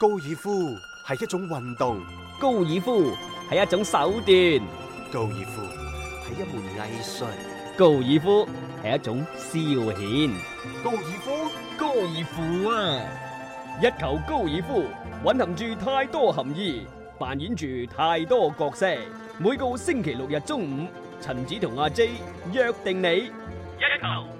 高爾夫係一種運動，高爾夫係一種手段，高爾夫係一門藝術，高爾夫係一種消遣。高爾夫，高爾夫啊！一球高爾夫蘊含住太多含義，扮演住太多角色。每個星期六日中午，陳子同阿 J 約定你一球。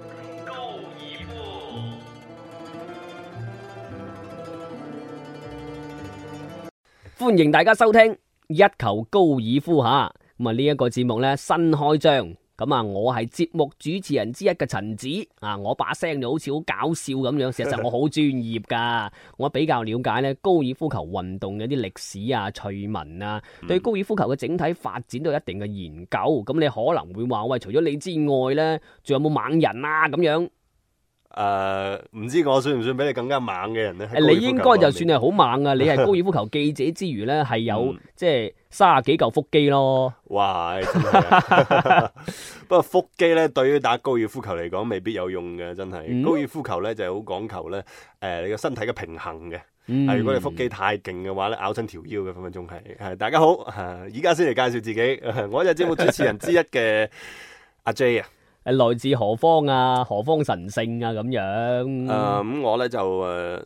歡迎大家收聽一球高爾夫吓，咁啊呢一個節目咧新開張，咁啊我係節目主持人之一嘅陳子啊，我把聲就好似好搞笑咁樣，其實我好專業噶，我比較了解咧高爾夫球運動嘅啲歷史啊趣聞啊，嗯、對高爾夫球嘅整體發展都有一定嘅研究，咁啊你可能會話喂，除咗你之外呢，仲有冇猛人啊咁樣？誒，唔、呃、知我算唔算比你更加猛嘅人咧？你應該就算係好猛啊！你係高爾夫球記者之餘咧，係 有即係、就是、三啊幾卅幾嚿腹肌咯。哇，真係 不過腹肌咧，對於打高爾夫球嚟講，未必有用嘅，真係。嗯、高爾夫球咧就係好講求咧，誒、呃，你個身體嘅平衡嘅。嗯、啊。如果你腹肌太勁嘅話咧，拗親條腰嘅分分鐘係。係大家好，吓、啊，而家先嚟介紹自己， 我係節目主持人之一嘅阿 J 啊。誒，來自何方啊？何方神聖啊？咁樣誒，咁、呃、我咧就誒、呃，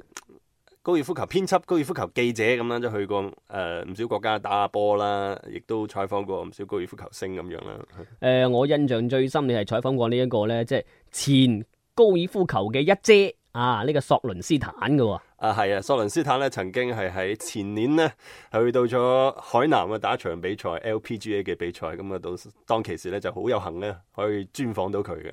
高爾夫球編輯、高爾夫球記者咁樣，就去過誒唔、呃、少國家打下波啦，亦都採訪過唔少高爾夫球星咁樣啦。誒、 呃，我印象最深採訪，你係採訪過呢一個咧，即係前高爾夫球嘅一姐。啊，呢、這個索倫斯坦噶、哦，啊係啊，索倫斯坦咧曾經係喺前年呢去了到咗海南啊打一場比賽 LPGA 嘅比賽，咁啊到當其時咧就好有幸咧可以專訪到佢嘅。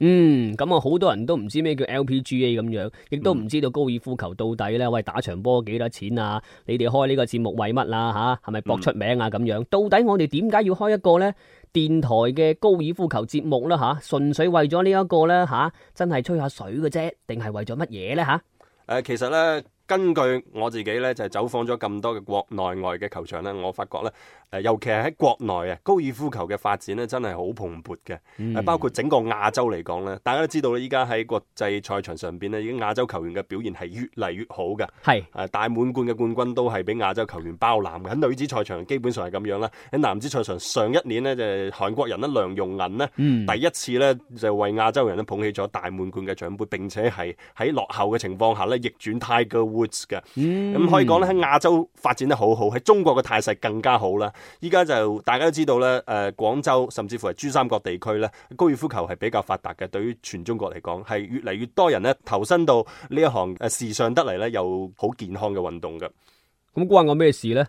嗯，咁啊好多人都唔知咩叫 LPGA 咁樣，亦都唔知道高爾夫球到底咧喂打場波幾多錢啊？你哋開呢個節目為乜啦？吓係咪搏出名啊？咁樣，嗯嗯嗯嗯，到底我哋點解要開一個呢？電台嘅高爾夫球節目啦吓，純、啊、粹為咗呢一個咧吓、啊，真係吹下水嘅啫，定係為咗乜嘢咧吓？誒、呃，其實咧，根據我自己咧，就係、走訪咗咁多嘅國內外嘅球場咧，我發覺咧。誒，尤其係喺國內啊，高爾夫球嘅發展咧，真係好蓬勃嘅。嗯、包括整個亞洲嚟講咧，大家都知道咧，依家喺國際賽場上邊咧，已經亞洲球員嘅表現係越嚟越好嘅。係誒是、呃，大滿貫嘅冠軍都係俾亞洲球員包攬嘅。喺女子賽場基本上係咁樣啦。喺男子賽場上一年咧，就韓國人咧，梁容銀咧，第一次咧就為亞洲人咧捧起咗大滿貫嘅獎杯，並且係喺落後嘅情況下咧逆轉 Tiger Woods 嘅。嗯，咁、嗯、可以講咧喺亞洲發展得好好，喺中國嘅態勢更加好啦。依家就大家都知道咧，誒、呃，廣州甚至乎係珠三角地區咧，高爾夫球係比較發達嘅。對於全中國嚟講，係越嚟越多人咧投身到呢一行誒、呃、時尚得嚟咧又好健康嘅運動噶。咁關我咩事咧？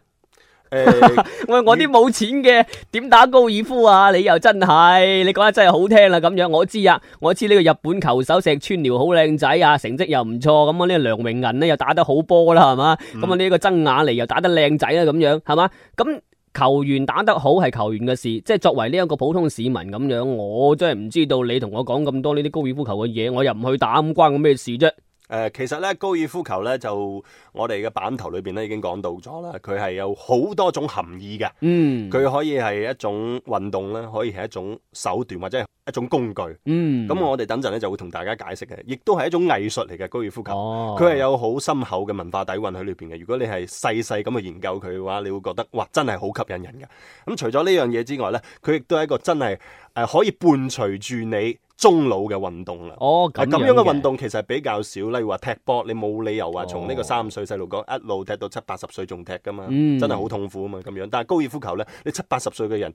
誒、欸， 我我啲冇錢嘅點你打高爾夫啊？你又真係你講得真係好聽啦，啊，咁樣我知啊，我知呢個日本球手石川遼好靚仔啊，成績又唔錯。咁啊呢個梁榮銀咧又打得好波啦，係嘛？咁啊呢個曾雅妮又打得靚仔啦，咁樣係嘛？咁球員打得好係球員嘅事，即係作為呢一個普通市民咁樣，我真係唔知道你同我講咁多呢啲高爾夫球嘅嘢，我又唔去打，咁關我咩事啫。誒、呃、其實咧，高爾夫球咧就我哋嘅版頭裏邊咧已經講到咗啦，佢係有好多種含義嘅。嗯，佢可以係一種運動咧，可以係一種手段或者係一種工具。嗯，咁我哋等陣咧就會同大家解釋嘅，亦都係一種藝術嚟嘅高爾夫球。佢係、哦、有好深厚嘅文化底蘊喺裏邊嘅。如果你係細細咁去研究佢嘅話，你會覺得哇，真係好吸引人㗎。咁、嗯、除咗呢樣嘢之外咧，佢亦都係一個真係誒、呃、可以伴隨住你。中老嘅運動啦，係咁、哦、樣嘅運動其實比較少，例如話踢波，你冇理由話從呢個三歲細路哥一路踢到七八十歲仲踢噶嘛，嗯、真係好痛苦啊嘛咁樣。但係高爾夫球呢，你七八十歲嘅人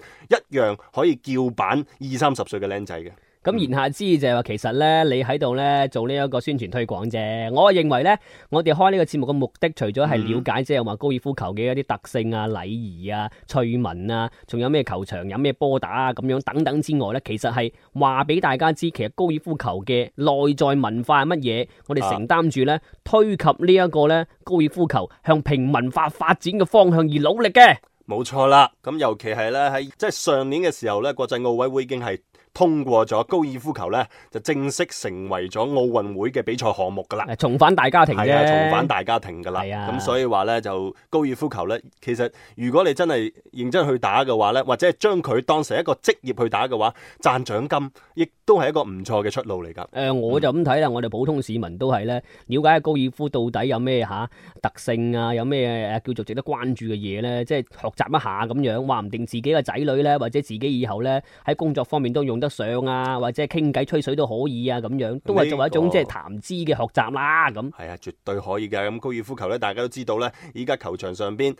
一樣可以叫板二三十歲嘅僆仔嘅。咁言下之意就係話，其實咧你喺度咧做呢一個宣傳推廣啫。我係認為咧，我哋開呢個節目嘅目的，除咗係了解即係話高爾夫球嘅一啲特性啊、禮儀啊、趣聞啊，仲有咩球場、有咩波打啊咁樣等等之外咧，其實係話俾大家知，其實高爾夫球嘅內在文化係乜嘢。我哋承擔住咧，推及呢一個咧高爾夫球向平民化發展嘅方向而努力嘅。冇錯啦，咁尤其係咧喺即係上年嘅時候咧，國際奧委會已經係。通過咗高爾夫球呢，就正式成為咗奧運會嘅比賽項目噶啦。重返大家庭嘅，重返大家庭噶啦。咁、嗯、所以話呢，就高爾夫球呢，其實如果你真係認真去打嘅話呢，或者係將佢當成一個職業去打嘅話，賺獎金亦都係一個唔錯嘅出路嚟噶。誒、呃，我就咁睇啦，嗯、我哋普通市民都係呢，了解下高爾夫到底有咩吓特性啊，有咩叫做值得關注嘅嘢呢？即、就、係、是、學習一下咁樣，話唔定自己嘅仔女呢，或者自己以後呢，喺工作方面都用得得上啊，或者傾偈吹水都可以啊，咁樣都係作為一種即係談資嘅學習啦。咁係啊，絕對可以㗎。咁高爾夫球呢，大家都知道呢，依家球場上邊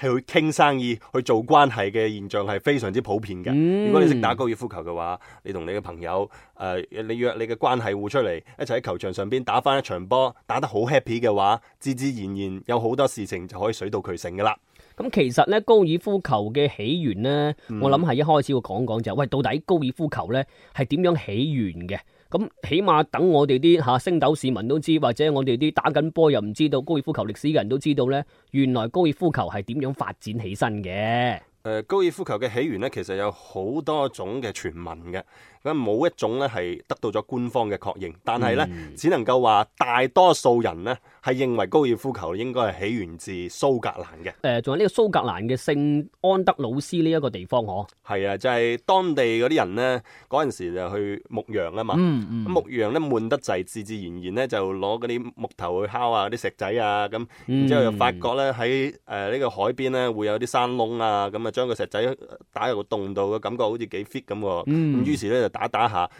去傾生意、去做關係嘅現象係非常之普遍嘅。嗯、如果你識打高爾夫球嘅話，你同你嘅朋友誒、呃，你約你嘅關係戶出嚟，一齊喺球場上邊打翻一場波，打得好 happy 嘅話，自自然然有好多事情就可以水到渠成㗎啦。咁其實咧，高爾夫球嘅起源呢，我諗係一開始要講講就係，喂，到底高爾夫球呢係點樣起源嘅？咁起碼等我哋啲吓升斗市民都知，或者我哋啲打緊波又唔知道高爾夫球歷史嘅人都知道呢，原來高爾夫球係點樣發展起身嘅。誒，高爾夫球嘅起源呢，其實有好多種嘅傳聞嘅。咁冇一種咧係得到咗官方嘅確認，但係咧，只能夠話大多數人呢，係認為高爾夫球應該係起源自蘇格蘭嘅。誒，仲有呢個蘇格蘭嘅聖安德魯斯呢一個地方，嗬。係啊，就係當地嗰啲人呢，嗰陣時就去牧羊啊嘛。嗯嗯。牧羊咧，悶得滯，自自然然咧就攞嗰啲木頭去敲啊，啲石仔啊咁。嗯。然之後又發覺咧喺誒呢個海邊咧會有啲山窿啊，咁啊將個石仔打入個洞度嘅感覺好似幾 fit 咁喎。嗯。咁於是咧就。打打下。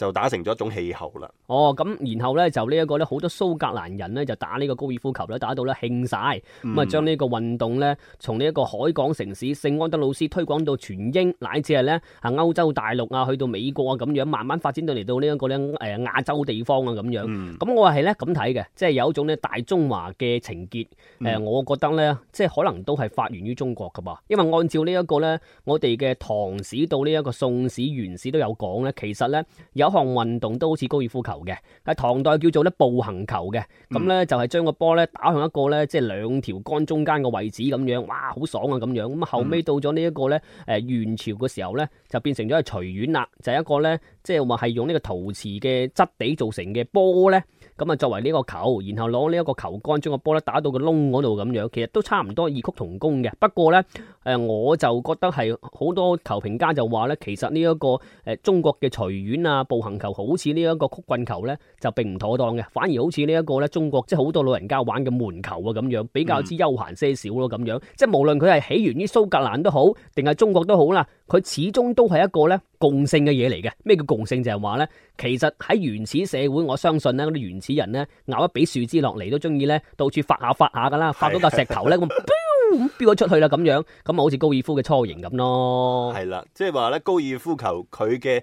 就打成咗一種氣候啦。哦，咁然後咧就呢一個咧，好多蘇格蘭人呢，就打呢個高爾夫球咧，打到咧興晒。咁啊將呢個運動咧，從呢一個海港城市聖安德魯斯推廣到全英，乃至係咧啊歐洲大陸啊，去到美國啊咁樣，慢慢發展到嚟到呢一個咧誒亞洲地方啊咁樣。咁、嗯嗯、我係咧咁睇嘅，即係有一種咧大中華嘅情結。誒、呃，嗯、我覺得咧，即係可能都係發源於中國噶噃，因為按照呢一個咧，我哋嘅唐史到呢一個宋史、元史都有講咧，其實咧有。項運動都好似高爾夫球嘅，喺唐代叫做咧步行球嘅，咁咧、嗯、就係將個波咧打向一個咧即係兩條桿中間嘅位置咁樣，哇，好爽啊咁樣。咁啊後尾到咗呢一個咧，誒、呃，元朝嘅時候咧就變成咗係捶丸啦，就係、一個咧即係話係用呢個陶瓷嘅質地做成嘅波咧。咁啊，作為呢個球，然後攞呢一個球杆將個波咧打到個窿嗰度咁樣，其實都差唔多異曲同工嘅。不過咧，誒、呃、我就覺得係好多球評家就話咧，其實呢、這、一個誒、呃、中國嘅隨遠啊、步行球，好似呢一個曲棍球咧，就並唔妥當嘅。反而好似呢一個咧，中國即係好多老人家玩嘅門球啊咁樣，比較之悠閒些少咯咁樣。即係無論佢係起源於蘇格蘭都好，定係中國好都好啦，佢始終都係一個咧。共性嘅嘢嚟嘅，咩叫共性？就係話咧，其實喺原始社會，我相信咧嗰啲原始人咧，咬一畀樹枝落嚟都中意咧，到處發下發下噶啦，是的 發到嚿石頭咧，咁飆咁飆咗出去啦，咁樣，咁啊，好似高爾夫嘅雛形咁咯。係啦，即係話咧，高爾夫球佢嘅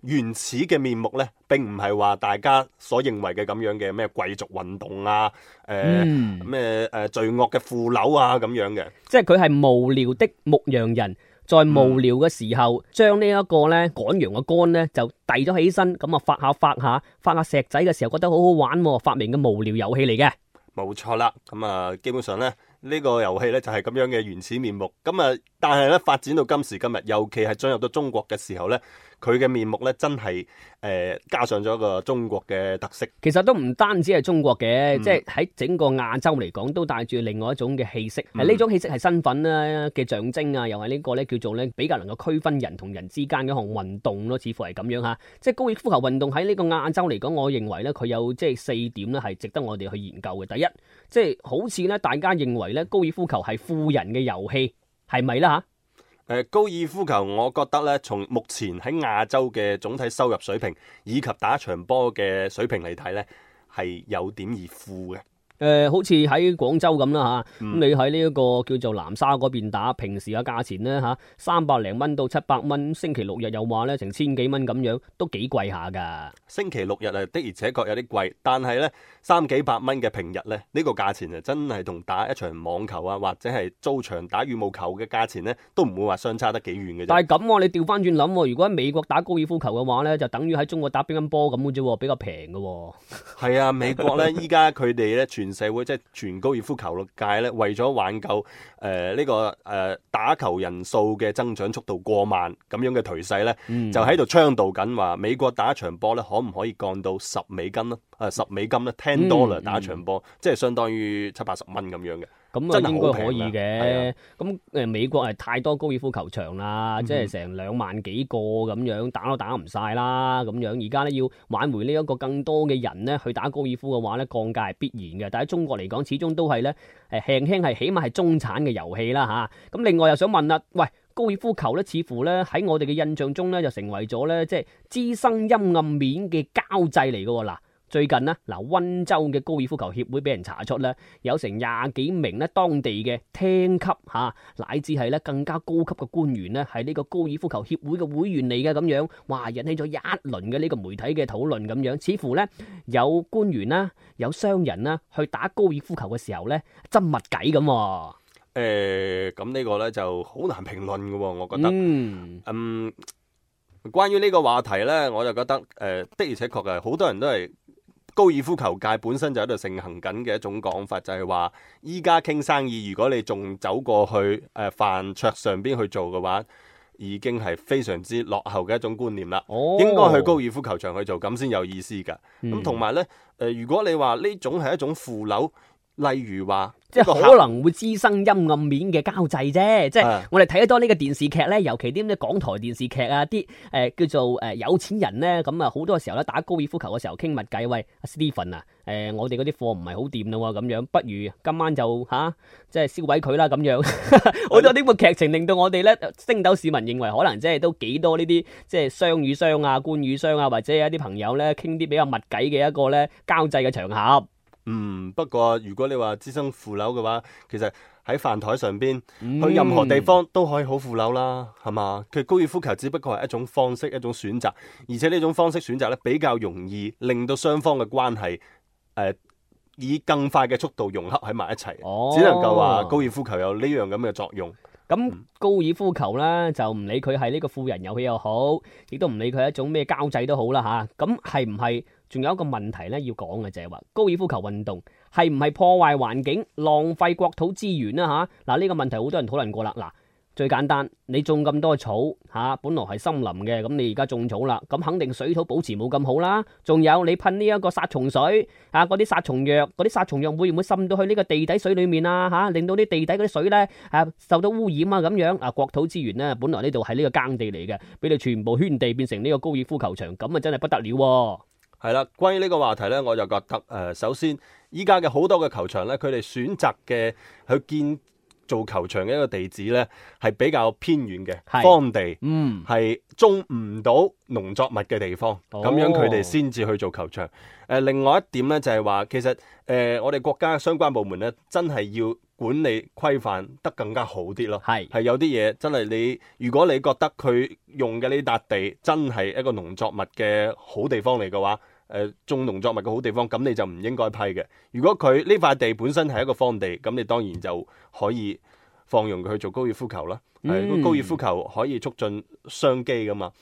原始嘅面目咧，並唔係話大家所認為嘅咁樣嘅咩貴族運動啊，誒咩誒罪惡嘅富樓啊咁樣嘅。即係佢係無聊的牧羊人。在無聊嘅時候，將呢一個咧趕羊嘅桿咧就遞咗起身，咁啊發下發下發下石仔嘅時候，覺得好好玩啊，發明嘅無聊遊戲嚟嘅。冇錯啦，咁啊基本上咧呢，呢個遊戲咧就係咁樣嘅原始面目，咁啊但係咧發展到今時今日，尤其係進入到中國嘅時候咧。佢嘅面目咧，真係誒、呃、加上咗一個中國嘅特色。其實都唔單止係中國嘅，嗯、即係喺整個亞洲嚟講，都帶住另外一種嘅氣息。係呢、嗯、種氣息係身份啦、啊、嘅象徵啊，又係呢個咧叫做咧比較能夠區分人同人之間嘅一項運動咯、啊，似乎係咁樣嚇。即係高爾夫球運動喺呢個亞洲嚟講，我認為咧佢有即係四點咧係值得我哋去研究嘅。第一，即係好似咧大家認為咧高爾夫球係富人嘅遊戲，係咪啦嚇？誒高爾夫球，我覺得咧，從目前喺亞洲嘅總體收入水平以及打一場波嘅水平嚟睇咧，係有點兒富嘅。誒、呃，好似喺廣州咁啦吓，咁、啊嗯、你喺呢一個叫做南沙嗰邊打，平時嘅價錢咧吓，三百零蚊到七百蚊，星期六日又話咧成千幾蚊咁樣，都幾貴下噶。星期六日啊，的而且確有啲貴，但係咧三幾百蚊嘅平日咧，呢、這個價錢啊真係同打一場網球啊，或者係租場打羽毛球嘅價錢咧，都唔會話相差得幾遠嘅。但係咁喎，你調翻轉諗，如果喺美國打高爾夫球嘅話咧，就等於喺中國打乒乓波咁嘅啫，比較平嘅、啊。係 啊，美國咧，依家佢哋咧全。全社會即係全高爾夫球界咧，為咗挽救誒呢、呃這個誒、呃、打球人數嘅增長速度過慢咁樣嘅頹勢咧，嗯、就喺度倡導緊話美國打一場波咧，可唔可以降到十美金啊？誒，十美金咧，ten dollar 打一場波，嗯、即係相當於七八十蚊咁樣嘅。咁啊，應該可以嘅。咁誒、嗯，美國係太多高爾夫球場啦，即係成兩萬幾個咁樣，打都打唔晒啦。咁樣而家咧要挽回呢一個更多嘅人咧去打高爾夫嘅話咧，降價係必然嘅。但係中國嚟講，始終都係咧誒輕輕係起碼係中產嘅遊戲啦吓，咁、啊、另外又想問啦、啊，喂，高爾夫球咧似乎咧喺我哋嘅印象中咧就成為咗咧即係滋生陰暗面嘅交際嚟嘅喎嗱。最近咧，嗱，溫州嘅高爾夫球協會俾人查出咧，有成廿幾名呢當地嘅廳級吓、啊，乃至係咧更加高級嘅官員呢，係呢個高爾夫球協會嘅會員嚟嘅咁樣，哇！引起咗一輪嘅呢個媒體嘅討論咁樣，似乎呢，有官員啦，有商人啦，去打高爾夫球嘅時候呢，執密計咁。誒、欸，咁呢個呢，就好難評論㗎，我覺得。嗯。嗯，關於呢個話題呢，我就覺得誒、呃，的而且確嘅，好多人都係。高爾夫球界本身就喺度盛行緊嘅一種講法，就係話依家傾生意，如果你仲走過去誒、呃、飯桌上邊去做嘅話，已經係非常之落後嘅一種觀念啦。哦、應該去高爾夫球場去做，咁先有意思㗎。咁同埋呢，誒、呃、如果你話呢種係一種負流。例如話，即係可能會滋生陰暗面嘅交際啫。即係我哋睇得多呢個電視劇咧，尤其啲咁港台電視劇啊，啲誒、呃、叫做誒有錢人咧，咁啊好多嘅時候咧打高爾夫球嘅時候傾密偈，喂，Stephen 啊，誒、呃、我哋嗰啲貨唔係好掂咯，咁樣，不如今晚就吓、啊、即係銷毀佢啦，咁樣好多呢個劇情令到我哋咧星斗市民認為，可能即係都幾多呢啲即係商與商啊，官與商啊，或者係一啲朋友咧傾啲比較密偈嘅一個咧交際嘅場合。嗯，不過如果你話滋生負扭嘅話，其實喺飯台上邊，嗯、去任何地方都可以好負扭啦，係嘛？其實高爾夫球只不過係一種方式，一種選擇，而且呢種方式選擇咧比較容易令到雙方嘅關係，誒、呃，以更快嘅速度融合喺埋一齊。哦、只能夠話高爾夫球有呢樣咁嘅作用。咁、哦嗯、高爾夫球咧就唔理佢係呢個富人遊戲又好，亦都唔理佢係一種咩交際都好啦吓。咁係唔係？仲有一個問題咧，要講嘅就係話高爾夫球運動係唔係破壞環境、浪費國土資源啦、啊？嚇、啊、嗱，呢、這個問題好多人討論過啦。嗱、啊，最簡單，你種咁多草嚇、啊，本來係森林嘅，咁你而家種草啦，咁肯定水土保持冇咁好啦。仲、啊、有你噴呢一個殺蟲水啊，嗰啲殺蟲藥，嗰啲殺蟲藥會唔會滲到去呢個地底水裡面啊？嚇、啊，令到啲地底嗰啲水咧誒、啊、受到污染啊，咁樣啊，國土資源咧本來呢度係呢個耕地嚟嘅，俾你全部圈地變成呢個高爾夫球場，咁啊真係不得了、啊。係啦，關於呢個話題呢，我就覺得誒、呃，首先依家嘅好多嘅球場呢，佢哋選擇嘅去建造球場嘅一個地址呢，係比較偏遠嘅荒地，嗯，係種唔到農作物嘅地方，咁、哦、樣佢哋先至去做球場。誒、呃，另外一點呢，就係、是、話，其實誒、呃，我哋國家相關部門呢，真係要。管理規範得更加好啲咯，係係是有啲嘢真係你，如果你覺得佢用嘅呢笪地真係一個農作物嘅好地方嚟嘅話，誒、呃、種農作物嘅好地方，咁你就唔應該批嘅。如果佢呢塊地本身係一個荒地，咁你當然就可以放容佢去做高爾夫球啦。誒、嗯，個高爾夫球可以促進商機噶嘛。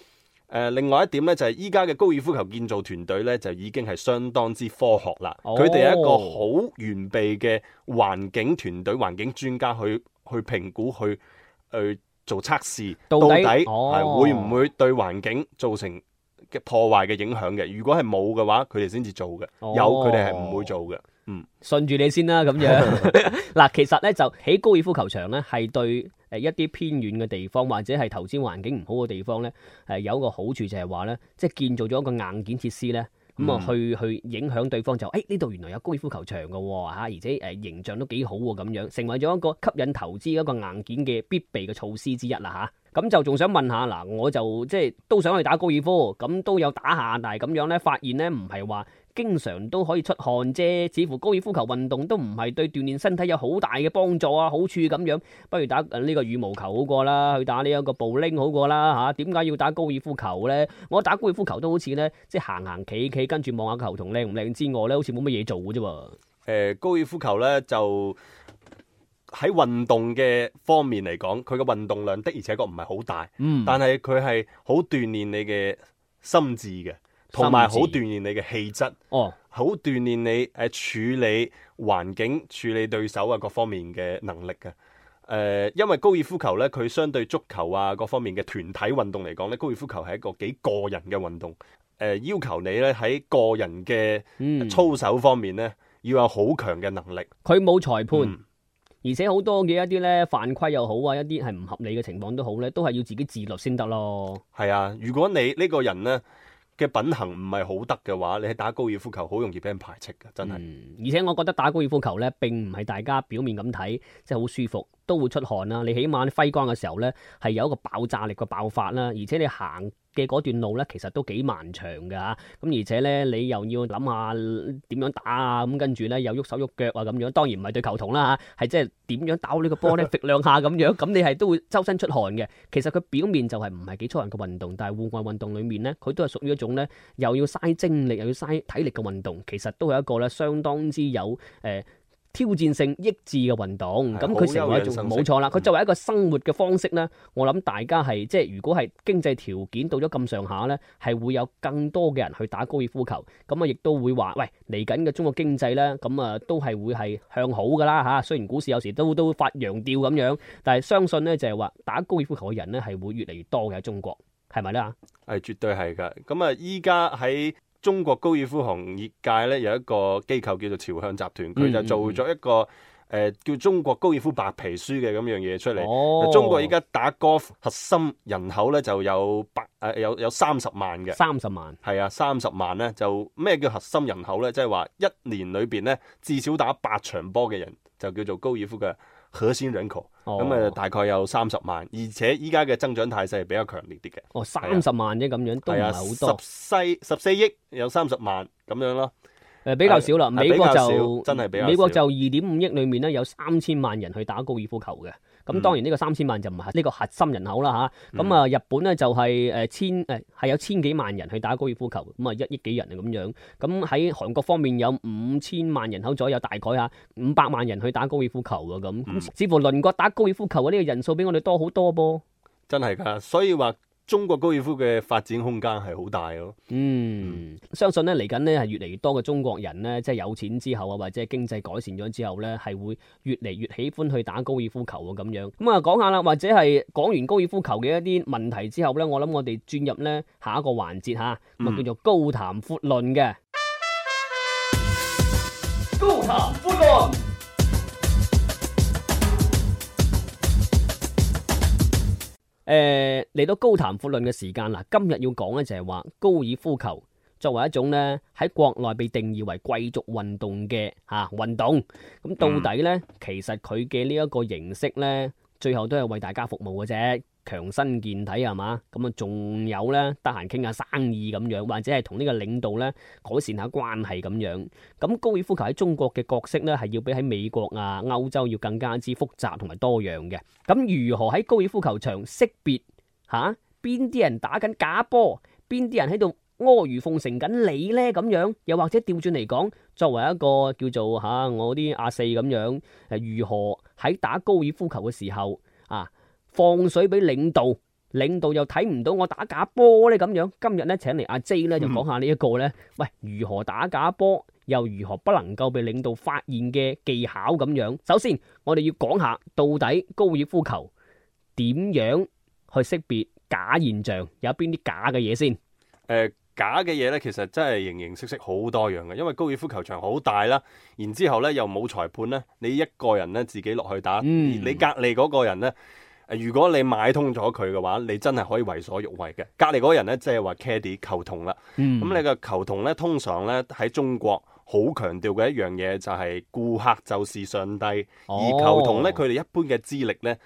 誒、呃、另外一點咧，就係依家嘅高爾夫球建造團隊咧，就已經係相當之科學啦。佢哋、哦、係一個好完備嘅環境團隊，環境專家去去評估，去去做測試，到底係底、哦、會唔會對環境造成嘅破壞嘅影響嘅？如果係冇嘅話，佢哋先至做嘅；哦、有，佢哋係唔會做嘅。嗯，信住你先啦，咁樣嗱， 其實咧就喺高爾夫球場咧係對。係一啲偏遠嘅地方，或者係投資環境唔好嘅地方咧，係、呃、有一個好處就係話咧，即係建造咗一個硬件設施咧，咁啊去去影響對方就，誒呢度原來有高爾夫球場嘅喎吓，而且誒、呃、形象都幾好喎咁樣，成為咗一個吸引投資一個硬件嘅必備嘅措施之一啦吓咁就仲想問下嗱，我就即係都想去打高爾夫，咁都有打下，但係咁樣咧發現咧唔係話。經常都可以出汗啫，似乎高爾夫球運動都唔係對鍛煉身體有好大嘅幫助啊，好處咁樣，不如打呢個羽毛球好過啦，去打呢一個保齡好過啦嚇。啊、點解要打高爾夫球呢？我打高爾夫球都好似呢，即係行行企企，跟住望下球同靚唔靚之外呢，好似冇乜嘢做嘅啫喎。誒，高爾夫球呢，就喺運動嘅方面嚟講，佢嘅運動量的而且確唔係好大，嗯、但係佢係好鍛煉你嘅心智嘅。同埋好鍛鍊你嘅氣質，哦，好鍛鍊你誒、處理環境、處理對手啊各方面嘅能力嘅。誒、呃，因為高爾夫球呢，佢相對足球啊各方面嘅團體運動嚟講咧，高爾夫球係一個幾個人嘅運動。誒、呃，要求你咧喺個人嘅操守方面呢、嗯、要有好強嘅能力。佢冇裁判，嗯、而且好多嘅一啲呢犯規又好啊，一啲係唔合理嘅情況都好呢，都係要自己自律先得咯。係啊，如果你呢個人呢，嘅品行唔係好得嘅話，你去打高爾夫球好容易俾人排斥嘅，真係、嗯，而且我覺得打高爾夫球咧並唔係大家表面咁睇，即係好舒服。都會出汗啦，你起碼你揮桿嘅時候咧係有一個爆炸力嘅爆發啦，而且你行嘅嗰段路咧其實都幾漫長㗎咁、啊、而且咧你又要諗下點樣打啊，咁跟住咧又喐手喐腳啊咁樣，當然唔係對球童啦嚇，係即係點樣打個呢個波咧，揈兩下咁樣，咁、嗯、你係都會周身出汗嘅。其實佢表面就係唔係幾出汗嘅運動，但係戶外運動裡面咧，佢都係屬於一種咧又要嘥精力又要嘥體力嘅運動，其實都係一個咧相當之有誒，呃挑戰性益智嘅運動，咁佢成為一種冇錯啦。佢、嗯、作為一個生活嘅方式呢，我諗大家係即係如果係經濟條件到咗咁上下呢，係會有更多嘅人去打高爾夫球。咁啊，亦都會話喂，嚟緊嘅中國經濟呢，咁啊都係會係向好噶啦嚇。雖然股市有時都都會發羊吊咁樣，但係相信呢，就係、是、話打高爾夫球嘅人呢，係會越嚟越多嘅喺中國，係咪呢？啊？係絕對係㗎。咁啊，依家喺。中國高爾夫行業界咧有一個機構叫做朝向集團，佢就做咗一個誒、呃、叫《中國高爾夫白皮書》嘅咁樣嘢出嚟。中國依家打 golf 核心人口咧就有百誒、呃、有有三十萬嘅，三十萬？係啊，三十萬咧就咩叫核心人口咧？即係話一年裏邊咧至少打八場波嘅人就叫做高爾夫嘅。核心人口，咁啊、哦、大概有三十萬，而且依家嘅增長態勢係比較強烈啲嘅。哦，三十萬啫咁、啊、樣都唔係好多、啊。十四十四億有三十萬咁樣咯，誒、呃、比較少啦。但 美國就真係比較少。較少，美國就二點五億裏面咧有三千萬人去打高爾夫球嘅。咁、嗯、當然呢個三千萬就唔係呢個核心人口啦嚇，咁啊、嗯嗯、日本咧就係、是、誒、呃、千誒係、呃、有千幾萬人去打高爾夫球，咁啊一億幾人啊咁樣，咁、嗯、喺韓國方面有五千萬人口左右，大概嚇五百萬人去打高爾夫球喎咁，啊嗯嗯、似乎鄰國打高爾夫球嘅呢個人數比我哋多好多噃，真係㗎，所以話。中國高爾夫嘅發展空間係好大咯，哦，嗯，相信咧嚟緊咧係越嚟越多嘅中國人咧，即係有錢之後啊，或者係經濟改善咗之後咧，係會越嚟越喜歡去打高爾夫球啊咁樣。咁、嗯、啊，講下啦，或者係講完高爾夫球嘅一啲問題之後呢，我諗我哋轉入呢下一個環節吓，咁叫做高談闊論嘅。高談闊論。誒、嚟、呃、到高談闊論嘅時間啦，今日要講嘅就係話高爾夫球作為一種咧喺國內被定義為貴族運動嘅吓運動，咁、嗯、到底咧其實佢嘅呢一個形式咧，最後都係為大家服務嘅啫。強身健體係嘛，咁啊，仲有咧，得閒傾下生意咁樣，或者係同呢個領導咧改善下關係咁樣。咁高爾夫球喺中國嘅角色咧，係要比喺美國啊、歐洲要更加之複雜同埋多樣嘅。咁如何喺高爾夫球場識別吓，邊啲人打緊假波，邊啲人喺度阿諛奉承緊你咧？咁樣又或者調轉嚟講，作為一個叫做吓、啊、我啲阿四咁樣，誒，如何喺打高爾夫球嘅時候啊？放水俾領導，領導又睇唔到我打假波呢。咁樣今日呢請嚟阿 J 呢，就講下呢一個呢：嗯、喂，如何打假波，又如何不能夠被領導發現嘅技巧咁樣。首先，我哋要講下到底高爾夫球點樣去識別假現象，有邊啲假嘅嘢先？誒，假嘅嘢呢，其實真係形形色色好多樣嘅，因為高爾夫球場好大啦，然之後呢又冇裁判呢，你一個人呢自己落去打，嗯、你隔離嗰個人呢。如果你買通咗佢嘅話，你真係可以為所欲為嘅。隔離嗰人咧，即係話 Caddy 球童啦。咁、嗯嗯、你個球童咧，通常咧喺中國好強調嘅一樣嘢就係顧客就是上帝。而球童咧，佢哋一般嘅資歷咧。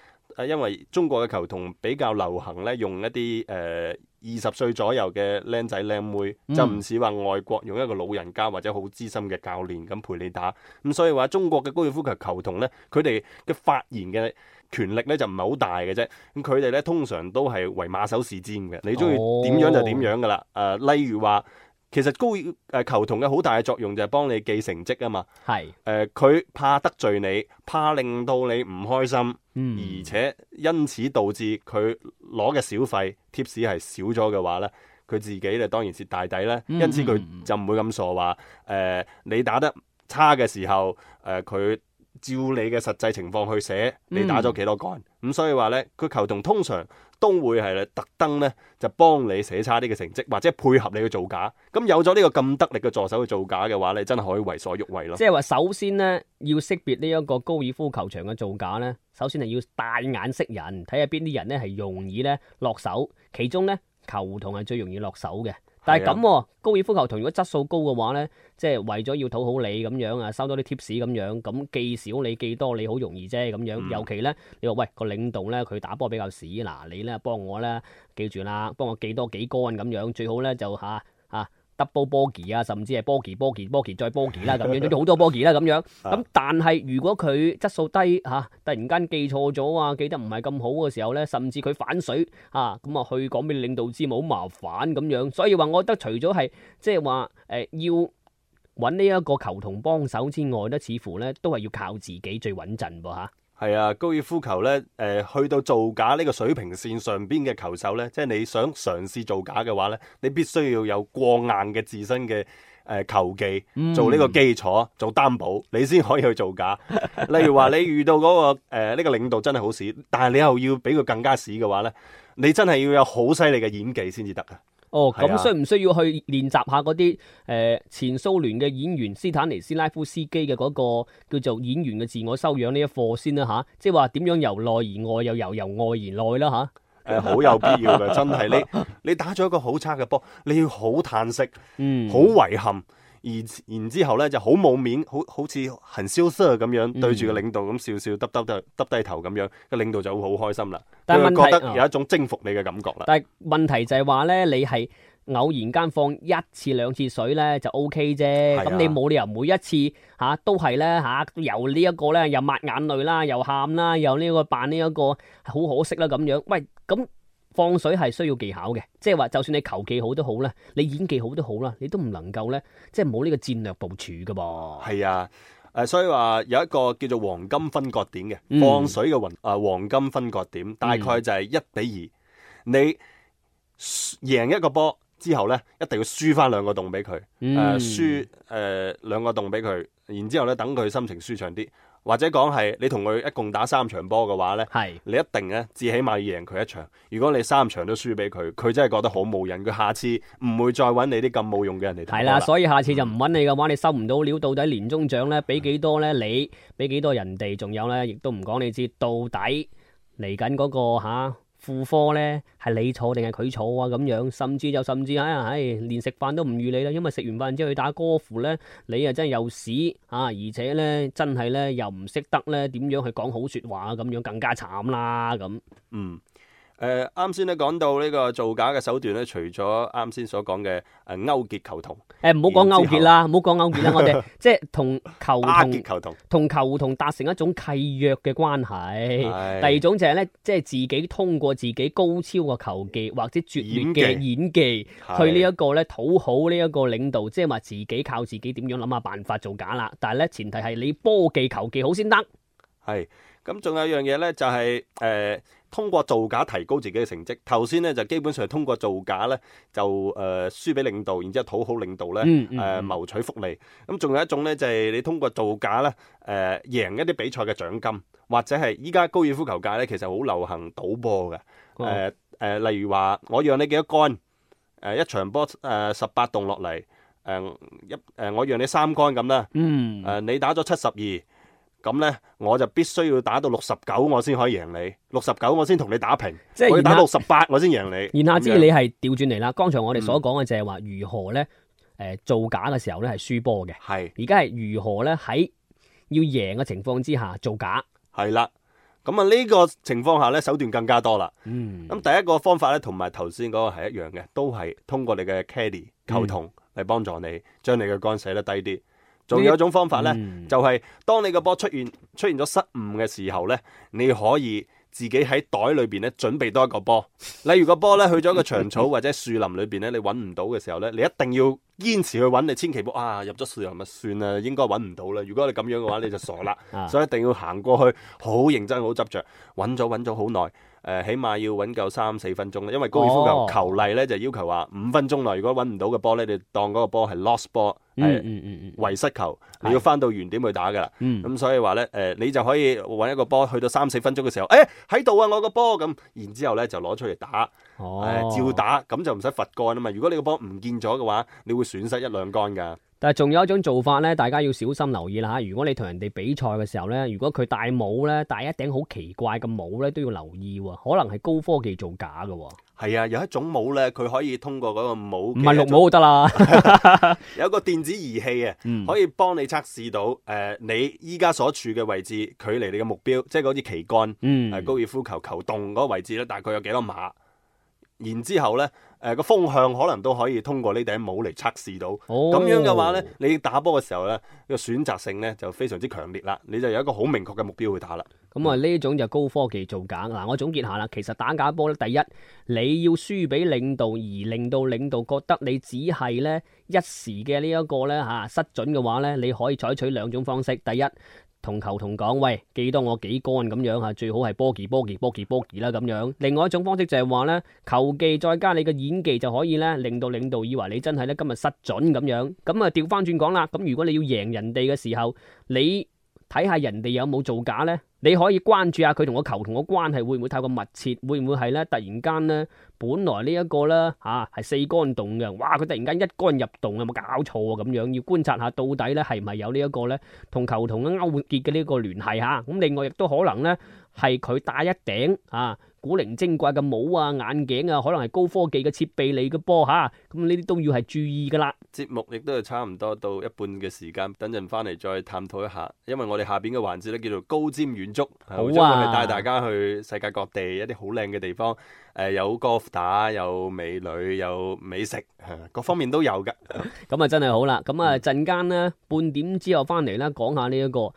因為中國嘅球童比較流行咧，用一啲誒二十歲左右嘅靚仔靚妹，嗯、就唔似話外國用一個老人家或者好資深嘅教練咁陪你打。咁、嗯、所以話中國嘅高爾夫球球童咧，佢哋嘅發言嘅權力咧就唔係好大嘅啫。咁佢哋咧通常都係為馬首是瞻嘅，你中意點樣就點樣噶啦。誒、哦呃，例如話。其實高誒、呃、球童嘅好大嘅作用就係幫你記成績啊嘛，係誒佢怕得罪你，怕令到你唔開心，嗯、而且因此導致佢攞嘅小費貼士係少咗嘅話咧，佢自己咧當然蝕大底咧，因此佢就唔會咁傻話誒、呃、你打得差嘅時候誒佢。呃照你嘅實際情況去寫，你打咗幾多杆咁，嗯、咁所以話呢，佢球童通常都會係特登呢，就幫你寫差啲嘅成績，或者配合你去造假。咁有咗呢個咁得力嘅助手去造假嘅話，你真係可以為所欲為咯。即係話，首先呢，要識別呢一個高爾夫球場嘅造假呢，首先係要大眼識人，睇下邊啲人呢係容易呢落手，其中呢，球童係最容易落手嘅。但係咁，高爾夫球同如果質素高嘅話咧，即係為咗要討好你咁樣啊，的就是、樣收多啲 tips 咁樣，咁記少你記多你好容易啫咁樣。嗯、尤其咧，你話喂個領導咧，佢打波比較屎，嗱你咧幫我咧記住啦，幫我記多幾杆咁樣，最好咧就下。啊。啊 double 波記啊，甚至係波記波記波記再波記啦咁樣，仲有好多波記啦咁樣。咁 但係如果佢質素低嚇，啊，突然間記錯咗啊，記得唔係咁好嘅時候咧，甚至佢反水啊，咁啊去講俾領導知咪好麻煩咁樣。所以話，我覺得除咗係即係話誒要揾呢一個球童幫手之外咧，似乎咧都係要靠自己最穩陣喎嚇。啊係啊，高爾夫球咧，誒，去到造假呢個水平線上邊嘅球手咧，即係你想嘗試造假嘅話咧，你必須要有過硬嘅自身嘅誒球技做呢個基礎做擔保，你先可以去造假。 例如話你遇到嗰個誒呢個領導真係好屎，但係你又要俾佢更加屎嘅話咧，你真係要有好犀利嘅演技先至得啊！哦，咁需唔需要去練習下嗰啲誒前蘇聯嘅演員斯坦尼斯拉夫斯基嘅嗰個叫做演員嘅自我修養呢一課先啦、啊、吓、啊？即係話點樣由內而外又由，由由外而內啦吓？誒、啊，好 有必要噶，真係你你打咗一個好差嘅波，你要好嘆息，嗯，好遺憾。而然之後咧，就好冇面，好好似行消失咁樣對住個領導咁、嗯、笑笑，耷耷耷耷低頭咁樣，個領導就會好開心啦。但係我覺得有一種征服你嘅感覺啦。但係問題就係話咧，你係偶然間放一次兩次水咧就 O K 啫。咁、啊、你冇理由每一次嚇、啊、都係咧嚇，由呢一個咧又抹眼淚啦，又喊啦，又呢個扮呢一個好可惜啦咁樣。喂，咁。放水係需要技巧嘅，即係話就算你球技好都好咧，你演技好都好啦，你都唔能夠咧，即係冇呢個戰略部署噶噃。係啊，誒、呃，所以話有一個叫做黃金分割點嘅放水嘅運，誒、呃，黃金分割點大概就係一比二、嗯，你贏一個波之後咧，一定要輸翻兩個洞俾佢，誒、呃，輸誒兩個洞俾佢，然之後咧等佢心情舒暢啲。或者講係你同佢一共打三場波嘅話呢係的你一定咧，至起碼要贏佢一場。如果你三場都輸俾佢，佢真係覺得好冇癮，佢下次唔會再揾你啲咁冇用嘅人嚟打波。係啦，所以下次就唔揾你嘅話，你收唔到料，到底年終獎呢？俾幾多呢？的你俾幾多人哋？仲有呢？亦都唔講你知，到底嚟緊嗰個吓。副科呢，係你坐定係佢坐啊咁樣，甚至就甚至啊，唉、哎哎，連食飯都唔與你啦，因為食完飯之後去打歌符呢，你啊真係又屎啊，而且呢，真係呢，又唔識得呢點樣去講好說話咁樣，更加慘啦咁。嗯。誒，啱先咧講到呢個造假嘅手段咧，除咗啱先所講嘅誒勾結球童，誒唔好講勾結啦，唔好講勾結啦，我哋即係同球童，同， 球童達成一種契約嘅關係。是第二種就係、是、咧，即係自己通過自己高超嘅球技或者絕劣嘅演技，演技是去呢一個咧討好呢一個領導，即係話自己靠自己點樣諗下辦法造假啦。但係咧前提係你波技球技好先得。係，咁仲有一樣嘢咧、就是，就係誒。通過造假提高自己嘅成績，頭先咧就基本上通過造假咧就誒、呃、輸俾領導，然之後討好領導咧誒、呃、謀取福利。咁仲、嗯嗯、有一種咧就係、是、你通過造假咧誒、呃、贏一啲比賽嘅獎金，或者係依家高爾夫球界咧其實好流行賭波嘅誒誒，例如話我讓你幾多杆誒一場波誒十八洞落嚟誒一誒、呃、我讓你三杆咁啦，誒、呃嗯呃、你打咗七十二。咁咧，我就必須要打到六十九，我先可以贏你；六十九，我先同你打平；即我要打六十八，我先贏你。言下之意你係調轉嚟啦，剛才我哋所講嘅就係話如何咧，誒、呃，造假嘅時候咧係輸波嘅，係而家係如何咧，喺要贏嘅情況之下造假？係啦，咁啊呢個情況下咧手段更加多啦。嗯，咁第一個方法咧同埋頭先嗰個係一樣嘅，都係通過你嘅 caddy 溝通嚟幫助你將、嗯、你嘅杆寫得低啲。仲有一種方法呢，嗯、就係當你個波出現出現咗失誤嘅時候呢，你可以自己喺袋裏邊咧準備多一個波。例如個波呢，去咗個長草或者樹林裏邊咧，你揾唔到嘅時候呢，你一定要堅持去揾。你千祈唔好啊入咗樹林咪算啦，應該揾唔到啦。如果你咁樣嘅話，你就傻啦。 所以一定要行過去，好認真，好執着，揾咗揾咗好耐，誒、呃，起碼要揾夠三四分鐘啦。因為高爾夫球，球，球例呢，就要求話五分鐘內，如果揾唔到嘅波呢，你當嗰個波係 lost 波，係、嗯，嗯嗯嗯，遺、嗯、失球的你要翻到原點去打噶啦，咁、嗯、所以話咧，誒、呃，你就可以搵一個波去到三四分鐘嘅時候，誒喺度啊，我個波咁，然之後咧就攞出嚟打，誒、哦哎，照打，咁就唔使罰杆啊嘛。如果你個波唔見咗嘅話，你會損失一兩杆噶。但係仲有一種做法咧，大家要小心留意啦吓。如果你同人哋比賽嘅時候咧，如果佢戴帽咧，戴一頂好奇怪嘅帽咧，都要留意、啊，可能係高科技做假嘅、啊。係啊，有一種帽咧，佢可以通過嗰個帽，唔係綠帽就得啦。 有個電子儀器啊， 嗯、可以幫你測試到，誒、呃，你依家所處嘅位置，距離你嘅目標，即係嗰啲旗桿，嗯、呃，高爾夫球球洞嗰個位置咧，大概有幾多碼？然之後咧。誒，個風向可能都可以通過呢頂帽嚟測試到，咁、oh. 樣嘅話呢，你打波嘅時候呢，個選擇性呢就非常之強烈啦，你就有一個好明確嘅目標去打啦。咁啊、嗯，呢一種就高科技造假。嗱，我總結下啦，其實打假波呢，第一你要輸俾領導而令到領導覺得你只係呢一時嘅呢一個呢嚇失準嘅話呢，你可以採取兩種方式，第一。同球童講，喂，記得我幾干咁樣吓，最好係波記波記波記波記啦咁樣。另外一種方式就係話咧，球技再加你嘅演技就可以呢，令到領導以為你真係咧今日失準咁樣。咁啊，調翻轉講啦，咁如果你要贏人哋嘅時候，你。睇下人哋有冇造假咧，你可以關注下佢同個球童個關係會唔會太過密切，會唔會係咧突然間咧，本來呢一個啦吓，係、啊、四竿洞嘅，哇佢突然間一竿入洞，有冇搞錯啊，咁樣？要觀察下到底咧係咪有呢一個咧同球童嘅勾結嘅呢個聯繫吓，咁、啊、另外亦都可能咧係佢打一頂啊、古靈精怪嘅帽啊、眼鏡啊，可能係高科技嘅設備嚟嘅波吓，咁呢啲都要係注意噶啦。節目亦都係差唔多到一半嘅時間，等陣翻嚟再探討一下。因為我哋下邊嘅環節咧叫做高瞻遠矚，好啊，帶大家去世界各地一啲好靚嘅地方。誒、呃，有高爾夫打，有美女，有美食，啊、各方面都有嘅。咁啊， 真係好啦。咁啊，陣間呢，嗯、半點之後翻嚟咧，講下呢、這、一個。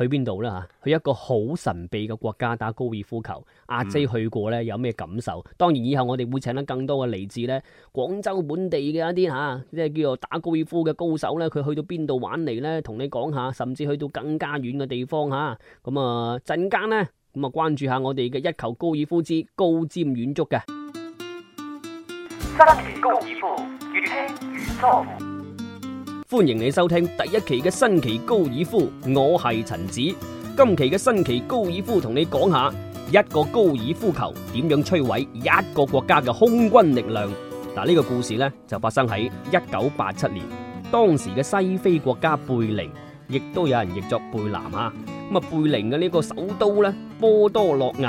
去邊度呢？吓？去一個好神秘嘅國家打高爾夫球，阿 J 去過呢，有咩感受？當然以後我哋會請得更多嘅嚟自呢廣州本地嘅一啲吓，即、啊、係叫做打高爾夫嘅高手呢佢去到邊度玩嚟呢？同你講下，甚至去到更加遠嘅地方吓。咁啊，陣間、啊、呢咁啊關注下我哋嘅一球高爾夫之高瞻遠矚嘅。三高爾夫，遠飛遠足。歡迎你收聽第一期嘅新奇高爾夫，我係陳子。今期嘅新奇高爾夫同你講下一個高爾夫球點樣摧毀一個國家嘅空軍力量。嗱，呢個故事呢，就發生喺一九八七年，當時嘅西非國家貝寧，亦都有人譯作貝南啊。咁啊，貝寧嘅呢個首都呢，波多洛亞，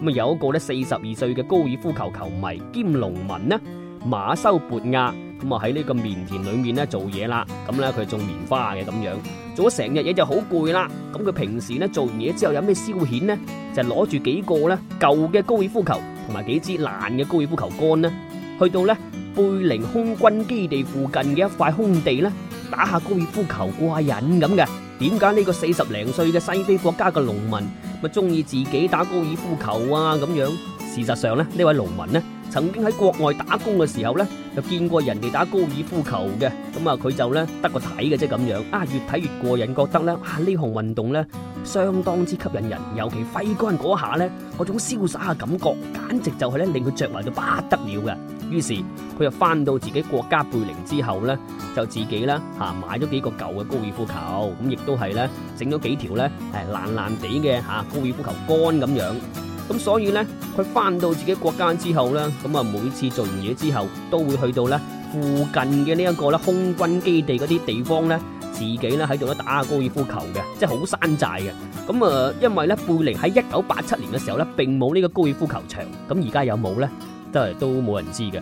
咁啊有一個呢四十二歲嘅高爾夫球球迷兼農民呢馬修博亞。咁啊喺呢個棉田裏面咧做嘢啦，咁咧佢種棉花嘅咁樣，做咗成日嘢就好攰啦。咁、嗯、佢平時咧做完嘢之後有咩消遣呢？就攞住幾個咧舊嘅高爾夫球同埋幾支爛嘅高爾夫球杆呢，去到咧貝寧空軍基地附近嘅一塊空地咧打下高爾夫球過下癮咁嘅。點解呢個四十零歲嘅西非國家嘅農民咪中意自己打高爾夫球啊？咁樣事實上咧呢位農民呢曾經喺國外打工嘅時候咧。就見過人哋打高爾夫球嘅，咁啊佢就咧得個睇嘅啫咁樣，啊越睇越過癮，覺得咧啊運呢項運動咧相當之吸引人，尤其揮杆嗰下咧嗰種瀟灑嘅感覺，簡直就係咧令佢着迷到不得了嘅。於是佢又翻到自己國家貝寧之後咧，就自己啦吓、啊、買咗幾個舊嘅高爾夫球，咁、嗯、亦都係咧整咗幾條咧誒爛爛地嘅吓高爾夫球杆咁樣。咁所以呢，佢翻到自己國家之後呢，咁啊每次做完嘢之後，都會去到呢附近嘅呢一個呢空軍基地嗰啲地方呢，自己呢喺度咧打下高爾夫球嘅，即係好山寨嘅。咁啊、呃，因為呢，貝寧喺一九八七年嘅時候呢，並冇呢個高爾夫球場，咁而家有冇呢？都係都冇人知嘅。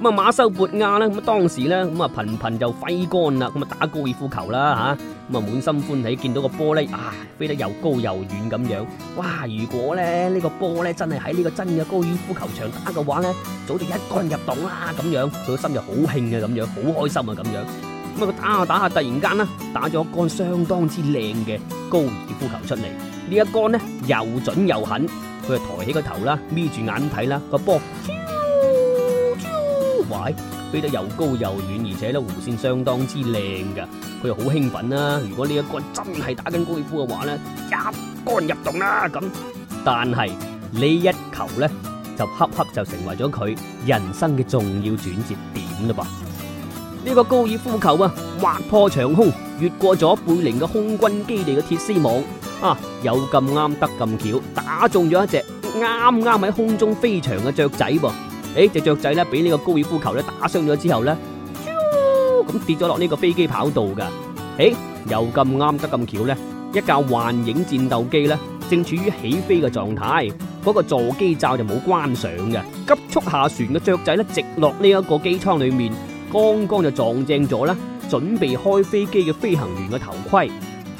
咁啊馬修博亞啦，咁啊當時咧咁啊頻頻就揮桿啦，咁啊打高爾夫球啦吓，咁啊滿心歡喜見到個波咧，啊飛得又高又遠咁樣，哇！如果咧呢個波咧真係喺呢個真嘅高爾夫球場打嘅話咧，早就一桿入洞啦咁樣，佢個心就好興啊咁樣，好開心啊咁樣。咁啊佢打下打下，突然間啦打咗一桿相當之靚嘅高爾夫球出嚟，呢一桿呢，又準又狠，佢就抬起個頭啦，眯住眼睇啦個波。擺飛得又高又遠，而且咧弧線相當之靚噶，佢又好興奮啦、啊。如果呢一杆真係打緊高爾夫嘅話咧，一杆入洞啦、啊、咁。但係呢一球咧，就恰恰就成為咗佢人生嘅重要轉折點啦噃。呢個高爾夫球啊，劃破長空，越過咗貝寧嘅空軍基地嘅鐵絲網啊，有咁啱得咁巧，打中咗一隻啱啱喺空中飛翔嘅雀仔噃。誒，隻雀仔咧，俾呢個高爾夫球咧打傷咗之後咧，啾咁跌咗落呢個飛機跑道噶。誒，又咁啱得咁巧咧，一架幻影戰鬥機咧正處於起飛嘅狀態，嗰個座機罩就冇關上嘅，急速下旋嘅雀仔咧直落呢一個機艙裏面，剛剛就撞正咗啦，準備開飛機嘅飛行員嘅頭盔，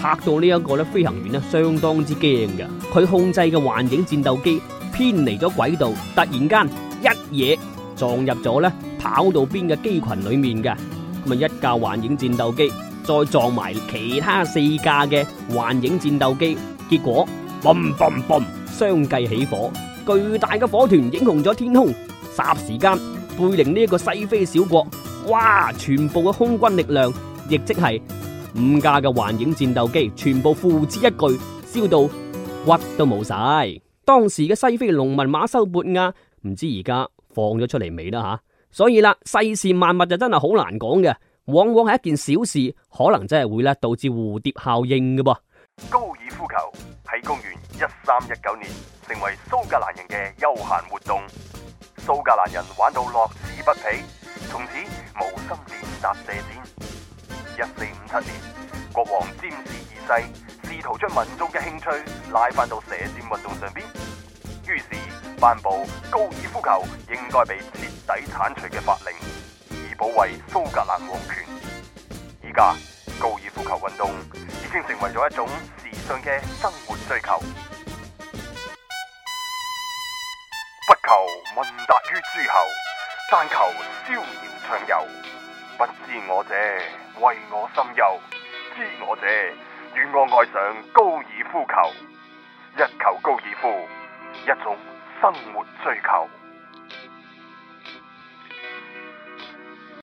嚇到呢一個咧飛行員咧相當之驚嘅，佢控制嘅幻影戰鬥機偏離咗軌道，突然間。一嘢撞入咗咧跑道邊嘅機群裏面嘅，咁啊一架幻影戰鬥機再撞埋其他四架嘅幻影戰鬥機，結果嘣嘣嘣，相繼起火，巨大嘅火團映紅咗天空。霎時間，貝寧呢一個西非小國，哇，全部嘅空軍力量，亦即係五架嘅幻影戰鬥機，全部付之一炬，燒到骨都冇晒。當時嘅西非農民馬修博亞。唔知而家放咗出嚟未啦吓，所以啦，世事萬物就真係好難講嘅，往往係一件小事，可能真係會咧導致蝴蝶效應嘅噃。高爾夫球喺公元一三一九年成為蘇格蘭人嘅休閒活動，蘇格蘭人玩到樂此不疲，從此無心練習射箭。一四五七年，國王占士二世試圖將民眾嘅興趣拉翻到射箭運動上邊，於是。頒布高爾夫球應該被徹底鏟除嘅法令，以保衛蘇格蘭王權。依家高爾夫球運動已經成為咗一種時尚嘅生活追求。 不求聞達於諸侯，但求逍遙暢遊。不知我者，謂我心憂；知我者，願我愛上高爾夫球。一球高爾夫，一種。生活追求。